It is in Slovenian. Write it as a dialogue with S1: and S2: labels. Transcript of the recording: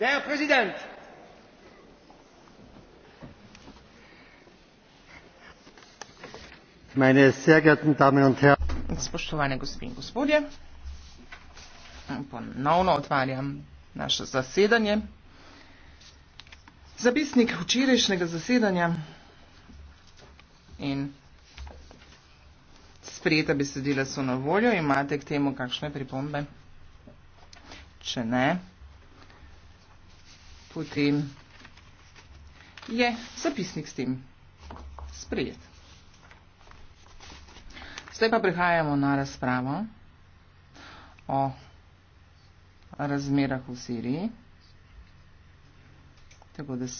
S1: Der Herr Präsident!
S2: Meine sehr geehrten Damen und Herren! Spoštovane gospe in
S3: gospodje, ponovno otvarjam naše zasedanje.
S4: Zapisnik včerajšnjega zasedanja
S3: in sprejeta besedila so na voljo. Imate k temu kakšne pripombe? Če ne, potem je zapisnik s tem sprejet. Zdaj pa prehajamo na razpravo o razmerah v Siriji.
S5: Tako da se